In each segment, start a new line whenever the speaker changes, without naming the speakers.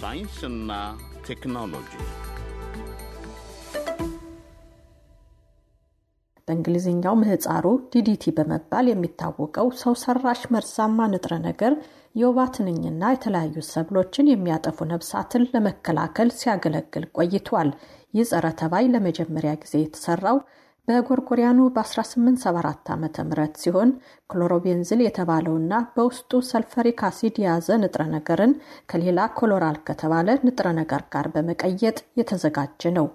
ሳይንስና ቴክኖሎጂ uh,
በእንግሊዝኛው ምህፃሩ ዲዲቲ በመባል የሚታወቀው ሰው ሰራሽ መርዛማ ንጥረ ነገር የወባ ትንኝና የተለያዩ ሰብሎችን የሚያጠፉ ነብሳትን ለመከላከል ሲያገለግል ቆይቷል። ይህ ጸረ ተባይ ለመጀመሪያ ጊዜ የተሰራው በጎርጎሪያኑ በ1874 ዓ ም ሲሆን ክሎሮቤንዝል የተባለውና በውስጡ ሰልፈሪክ አሲድ የያዘ ንጥረ ነገርን ከሌላ ኮሎራል ከተባለ ንጥረ ነገር ጋር በመቀየጥ የተዘጋጀ ነው።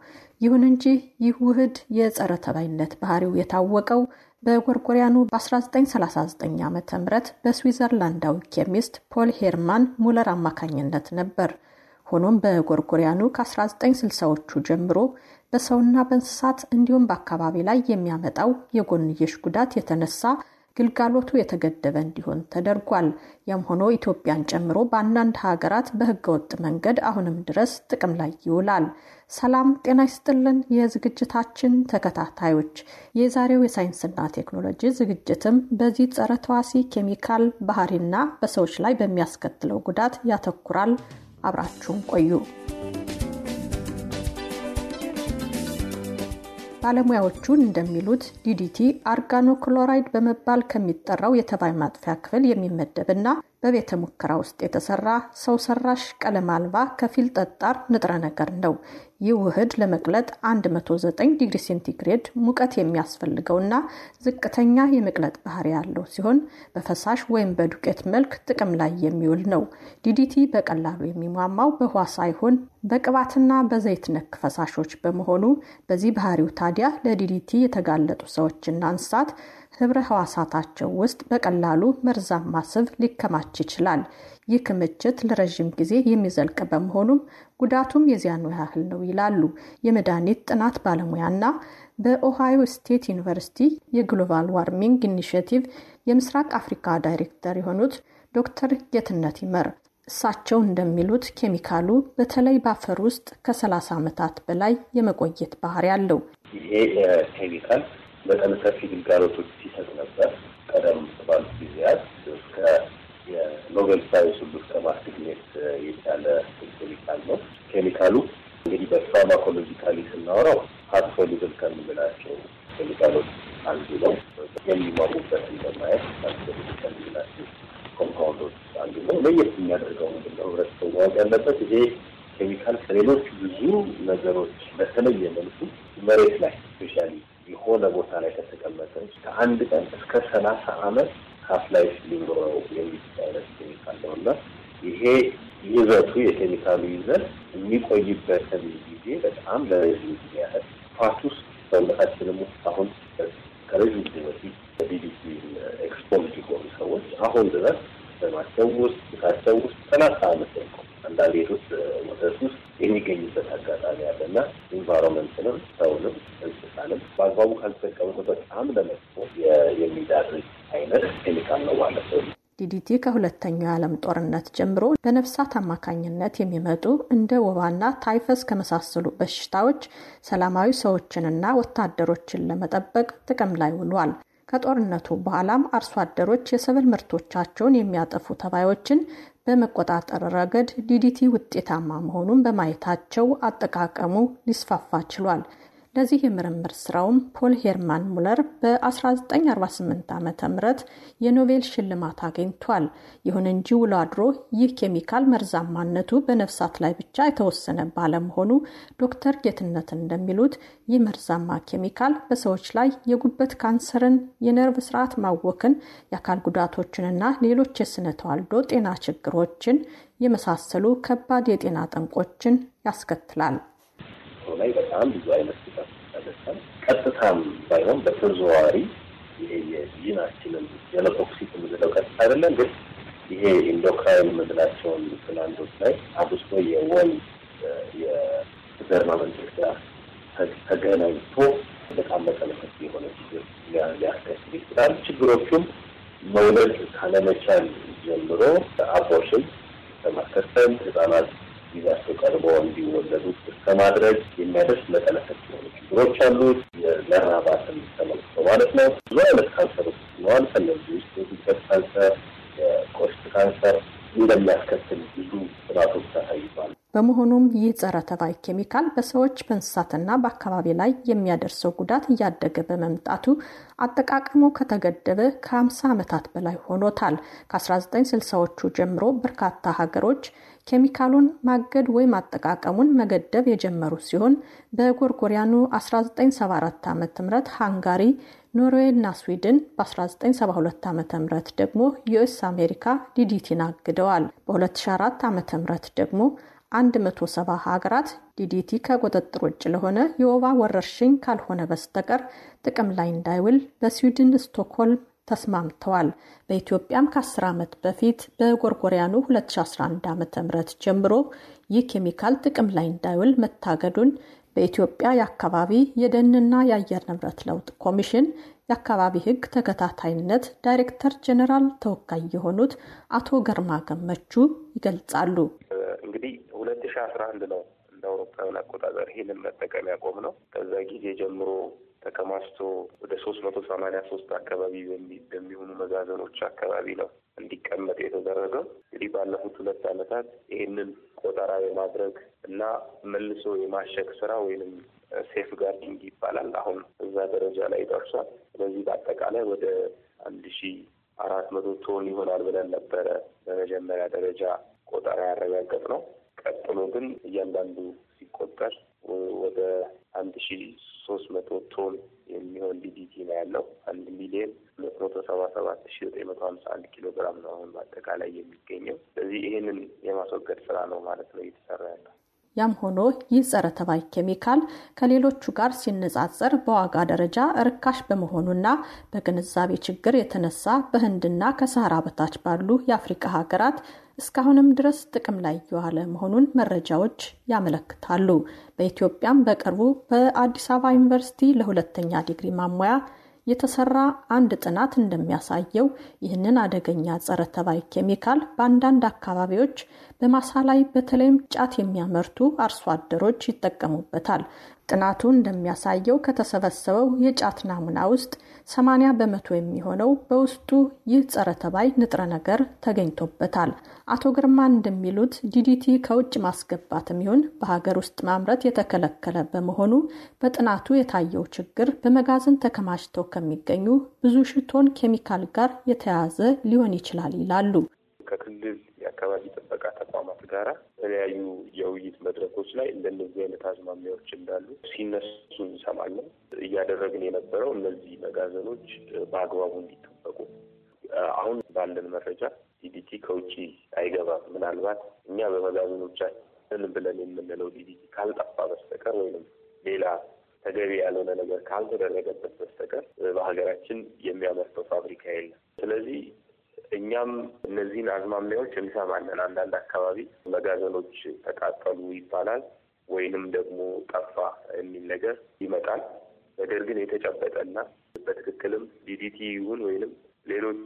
ይሁን እንጂ ይህ ውህድ የጸረ ተባይነት ባህሪው የታወቀው በጎርጎሪያኑ በ1939 ዓ ም በስዊዘርላንዳዊ ኬሚስት ፖል ሄርማን ሙለር አማካኝነት ነበር። ሆኖም በጎርጎሪያኑ ከ1960ዎቹ ጀምሮ በሰውና በእንስሳት እንዲሁም በአካባቢ ላይ የሚያመጣው የጎንየሽ ጉዳት የተነሳ ግልጋሎቱ የተገደበ እንዲሆን ተደርጓል። ያም ሆኖ ኢትዮጵያን ጨምሮ በአንዳንድ ሀገራት በህገወጥ መንገድ አሁንም ድረስ ጥቅም ላይ ይውላል። ሰላም ጤና ይስጥልን፣ የዝግጅታችን ተከታታዮች፣ የዛሬው የሳይንስና ቴክኖሎጂ ዝግጅትም በዚህ ጸረ ተዋሲ ኬሚካል ባህሪና በሰዎች ላይ በሚያስከትለው ጉዳት ያተኩራል። አብራችሁን ቆዩ። ባለሙያዎቹ እንደሚሉት ዲዲቲ አርጋኖክሎራይድ በመባል ከሚጠራው የተባይ ማጥፊያ ክፍል የሚመደብና በቤተ ሙከራ ውስጥ የተሰራ ሰው ሰራሽ ቀለም አልባ ከፊል ጠጣር ንጥረ ነገር ነው። ይህ ውህድ ለመቅለጥ 109 ዲግሪ ሴንቲግሬድ ሙቀት የሚያስፈልገውና ዝቅተኛ የመቅለጥ ባህሪ ያለው ሲሆን በፈሳሽ ወይም በዱቄት መልክ ጥቅም ላይ የሚውል ነው። ዲዲቲ በቀላሉ የሚሟማው በውሃ ሳይሆን በቅባትና በዘይት ነክ ፈሳሾች በመሆኑ በዚህ ባህሪው ታዲያ ለዲዲቲ የተጋለጡ ሰዎችና እንስሳት ህብረ ህዋሳታቸው ውስጥ በቀላሉ መርዛማ ስብ ሊከማች ይችላል። ይህ ክምችት ለረዥም ጊዜ የሚዘልቅ በመሆኑም ጉዳቱም የዚያኑ ያህል ነው ይላሉ የመድኃኒት ጥናት ባለሙያና በኦሃዮ ስቴት ዩኒቨርሲቲ የግሎባል ዋርሚንግ ኢኒሽቲቭ የምስራቅ አፍሪካ ዳይሬክተር የሆኑት ዶክተር ጌትነት ይመር። እሳቸው እንደሚሉት ኬሚካሉ በተለይ በአፈር ውስጥ ከ ዓመታት በላይ የመቆየት ባህሪ አለው።
ይሄ ኬሚካል መጠነ ሰፊ ግልጋሎቶች ሲሰጥ ነበር። ቀደም ባሉት ጊዜያት እስከ የኖቤል ፕራይስ ሁሉ እስከ ማስግኘት የቻለ ኬሚካል ነው። ኬሚካሉ እንግዲህ በፋርማኮሎጂካሊ ስናወራው ፓትፎሊብል ከምንላቸው ኬሚካሎች አንዱ ነው። የሚመሩበትን በማየት ፓትፎሊብል ከምንላቸው ኮምፓውንዶች አንዱ ነው። ለየት የሚያደርገው ምንድን ነው? ህብረተሰቡ ማወቅ ያለበት ይሄ ኬሚካል ከሌሎች ብዙ ነገሮች በተለየ መልኩ መሬት ላይ ስፔሻሊ የሆነ ቦታ ላይ ከተቀመጠ ከአንድ ቀን እስከ ሰላሳ አመት ሀፍ ላይፍ ሊኖረው የሚችል አይነት ኬሚካል ነው እና ይሄ ይዘቱ የኬሚካሉ ይዘት የሚቆይበትን ጊዜ በጣም ለረዥም ጊዜ ያህል ፓርት ውስጥ ሰውነታችንም ውስጥ አሁን ከረዥም ጊዜ በፊት በቢቢሲ ኤክስፖዝ ሊሆኑ ሰዎች አሁን ድረስ ደማቸው ውስጥ ፊታቸው ውስጥ ሰላሳ አመት ያቆ አንዳንድ ቤቶች ወተት ውስጥ የሚገኝበት አጋጣሚ አለና ኢንቫይሮንመንትንም ሰውንም በአግባቡ ካልተጠቀመበት በጣም ለመጥፎ የሚዳርግ አይነት ኬሚካል ነው ማለት ነው።
ዲዲቲ ከሁለተኛው የዓለም ጦርነት ጀምሮ ለነፍሳት አማካኝነት የሚመጡ እንደ ወባና ታይፈስ ከመሳሰሉ በሽታዎች ሰላማዊ ሰዎችንና ወታደሮችን ለመጠበቅ ጥቅም ላይ ውሏል። ከጦርነቱ በኋላም አርሶ አደሮች የሰብል ምርቶቻቸውን የሚያጠፉ ተባዮችን በመቆጣጠር ረገድ ዲዲቲ ውጤታማ መሆኑን በማየታቸው አጠቃቀሙ ሊስፋፋ ችሏል። ለዚህ የምርምር ስራውም ፖል ሄርማን ሙለር በ1948 ዓ ም የኖቤል ሽልማት አግኝቷል። ይሁን እንጂ ውሎ አድሮ ይህ ኬሚካል መርዛማነቱ በነፍሳት ላይ ብቻ የተወሰነ ባለመሆኑ ዶክተር ጌትነት እንደሚሉት ይህ መርዛማ ኬሚካል በሰዎች ላይ የጉበት ካንሰርን፣ የነርቭ ስርዓት ማወክን፣ የአካል ጉዳቶችንና ሌሎች የስነ ተዋልዶ ጤና ችግሮችን የመሳሰሉ ከባድ የጤና ጠንቆችን ያስከትላል።
ላይ በጣም ብዙ አይነት ስጠት ተደርሰን ቀጥታም ባይሆን በተዘዋዋሪ ይሄ የጂናችንን የሎቶክሲክ የምንለው ቀጥታ አይደለም ግን ይሄ ኢንዶክራይን የምንላቸውን ግላንዶች ላይ አብስቶ የወል የዘር ማመንጨት ተገናኝቶ በጣም መጠነ ሰፊ የሆነ ችግር ሊያስከትል ይችላል። ችግሮቹም መውለድ ካለመቻል ጀምሮ አቦርሽን እስከማስከተል ህጻናት ጊዜያቸው ቀርቦ እንዲወለዱ እስከማድረግ በቫይረስ መጠለፈት ችግሮች አሉት። የመራባት ተመልክቶ ማለት ነው። ብዙ አይነት ካንሰሮች ነዋል። ከነዚህ ውስጥ የጉበት ካንሰር፣ የቆሽት ካንሰር እንደሚያስከ
በመሆኑም ይህ ጸረ ተባይ ኬሚካል በሰዎች በእንስሳትና በአካባቢ ላይ የሚያደርሰው ጉዳት እያደገ በመምጣቱ አጠቃቀሙ ከተገደበ ከ50 ዓመታት በላይ ሆኖታል። ከ1960ዎቹ ጀምሮ በርካታ ሀገሮች ኬሚካሉን ማገድ ወይም አጠቃቀሙን መገደብ የጀመሩ ሲሆን በጎርጎሪያኑ 1974 ዓ ም ሃንጋሪ፣ ኖርዌይ እና ስዊድን በ1972 ዓ ም ደግሞ ዩኤስ አሜሪካ ዲዲቲን አግደዋል። በ2004 ዓ ም ደግሞ 170 ሀገራት ዲዲቲ ከቁጥጥር ውጭ ለሆነ የወባ ወረርሽኝ ካልሆነ በስተቀር ጥቅም ላይ እንዳይውል በስዊድን ስቶክሆልም ተስማምተዋል። በኢትዮጵያም ከ10 ዓመት በፊት በጎርጎሪያኑ 2011 ዓ ም ጀምሮ ይህ ኬሚካል ጥቅም ላይ እንዳይውል መታገዱን በኢትዮጵያ የአካባቢ የደንና የአየር ንብረት ለውጥ ኮሚሽን የአካባቢ ሕግ ተከታታይነት ዳይሬክተር ጀኔራል ተወካይ የሆኑት አቶ ገርማ ገመቹ ይገልጻሉ።
እንግዲህ ሺ አስራ አንድ ነው እንደ አውሮፓውያን አቆጣጠር ይህንን መጠቀም ያቆም ነው። ከዛ ጊዜ ጀምሮ ተከማችቶ ወደ ሶስት መቶ ሰማኒያ ሶስት አካባቢ በሚሆኑ መጋዘኖች አካባቢ ነው እንዲቀመጥ የተደረገው። እንግዲህ ባለፉት ሁለት ዓመታት ይህንን ቆጠራ የማድረግ እና መልሶ የማሸግ ስራ ወይንም ሴፍ ጋርዲንግ ይባላል አሁን እዛ ደረጃ ላይ ደርሷል። ስለዚህ በአጠቃላይ ወደ አንድ ሺ አራት መቶ ቶን ይሆናል ብለን ነበረ በመጀመሪያ ደረጃ ቆጠራ ያረጋገጥ ነው። ቀጥሎ ግን እያንዳንዱ ሲቆጠር ወደ አንድ ሺ ሶስት መቶ ቶን የሚሆን ዲዲቲ ነው ያለው። አንድ ሚሊየን ሁለት መቶ ሰባ ሰባት ሺ ዘጠኝ መቶ ሀምሳ አንድ ኪሎ ግራም ነው አሁን በአጠቃላይ የሚገኘው። ስለዚህ ይህንን የማስወገድ ስራ ነው ማለት ነው እየተሰራ ያለው።
ያም ሆኖ ይህ ጸረ ተባይ ኬሚካል ከሌሎቹ ጋር ሲነጻጸር በዋጋ ደረጃ ርካሽ በመሆኑና በግንዛቤ ችግር የተነሳ በህንድና ከሰሃራ በታች ባሉ የአፍሪቃ ሀገራት እስካሁንም ድረስ ጥቅም ላይ የዋለ መሆኑን መረጃዎች ያመለክታሉ። በኢትዮጵያም በቅርቡ በአዲስ አበባ ዩኒቨርሲቲ ለሁለተኛ ዲግሪ ማሟያ የተሰራ አንድ ጥናት እንደሚያሳየው ይህንን አደገኛ ጸረ ተባይ ኬሚካል በአንዳንድ አካባቢዎች በማሳ ላይ በተለይም ጫት የሚያመርቱ አርሶ አደሮች ይጠቀሙበታል። ጥናቱ እንደሚያሳየው ከተሰበሰበው የጫት ናሙና ውስጥ 80 በመቶ የሚሆነው በውስጡ ይህ ጸረ ተባይ ንጥረ ነገር ተገኝቶበታል። አቶ ግርማ እንደሚሉት ጂዲቲ ከውጭ ማስገባትም ይሁን በሀገር ውስጥ ማምረት የተከለከለ በመሆኑ በጥናቱ የታየው ችግር በመጋዘን ተከማችተው ከሚገኙ ብዙ ሽቶን ኬሚካል ጋር የተያያዘ ሊሆን ይችላል ይላሉ።
ከክልል በተለያዩ የውይይት መድረኮች ላይ እንደነዚህ አይነት አዝማሚያዎች እንዳሉ ሲነሱ እንሰማለን። እያደረግን የነበረው እነዚህ መጋዘኖች በአግባቡ እንዲጠበቁ አሁን ባለን መረጃ ዲዲቲ ከውጭ አይገባም። ምናልባት እኛ በመጋዘኖቻችን ብለን የምንለው ዲዲቲ ካልጠፋ በስተቀር ወይም ሌላ ተገቢ ያልሆነ ነገር ካልተደረገበት በስተቀር በሀገራችን የሚያመርተው ፋብሪካ የለም። ስለዚህ እኛም እነዚህን አዝማሚያዎች እንሰማለን። አንዳንድ አካባቢ መጋዘኖች ተቃጠሉ ይባላል ወይንም ደግሞ ጠፋ የሚል ነገር ይመጣል። ነገር ግን የተጨበጠና በትክክልም ዲዲቲ ይሁን ወይንም ሌሎች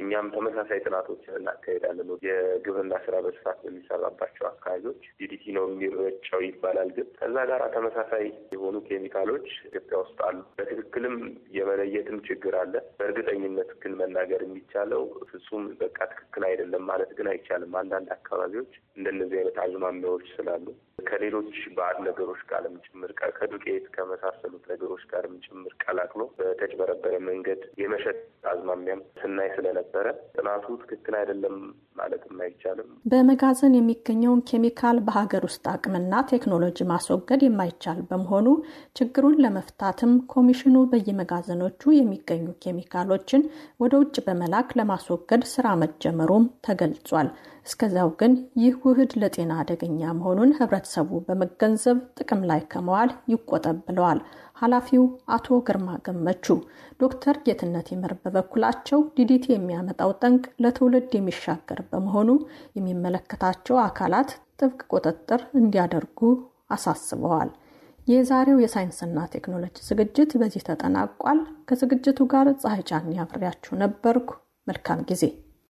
እኛም ተመሳሳይ ጥናቶችን እናካሄዳለን። የግብርና ስራ በስፋት በሚሰራባቸው አካባቢዎች ዲዲቲ ነው የሚረጨው ይባላል። ግን ከዛ ጋር ተመሳሳይ የሆኑ ኬሚካሎች ኢትዮጵያ ውስጥ አሉ። በትክክልም የመለየትም ችግር አለ። በእርግጠኝነት ግን መናገር የሚቻለው ፍጹም በቃ ትክክል አይደለም ማለት ግን አይቻልም። አንዳንድ አካባቢዎች እንደነዚህ አይነት አዝማሚያዎች ስላሉ ከሌሎች ባዕድ ነገሮች ጋርም ጭምር ከዱቄት ከመሳሰሉት ነገሮች ጋርም ጭምር ቀላቅሎ በተጭበረበረ መንገድ የመሸጥ አዝማሚያም ስናይ ስለነበረ ጥናቱ ትክክል አይደለም ማለትም አይቻልም።
በመጋዘን የሚገኘውን ኬሚካል በሀገር ውስጥ አቅምና ቴክኖሎጂ ማስወገድ የማይቻል በመሆኑ ችግሩን ለመፍታትም ኮሚሽኑ በየመጋዘኖቹ የሚገኙ ኬሚካሎችን ወደ ውጭ በመላክ ለማስወገድ ስራ መጀመሩም ተገልጿል። እስከዚያው ግን ይህ ውህድ ለጤና አደገኛ መሆኑን ህብረተሰቡ በመገንዘብ ጥቅም ላይ ከመዋል ይቆጠብ ብለዋል። ኃላፊው አቶ ግርማ ገመቹ። ዶክተር ጌትነት ይመር በበኩላቸው ዲዲቲ የሚያመጣው ጠንቅ ለትውልድ የሚሻገር በመሆኑ የሚመለከታቸው አካላት ጥብቅ ቁጥጥር እንዲያደርጉ አሳስበዋል። የዛሬው የሳይንስና ቴክኖሎጂ ዝግጅት በዚህ ተጠናቋል። ከዝግጅቱ ጋር ፀሐይ ጫን ያብሬያችሁ ነበርኩ። መልካም ጊዜ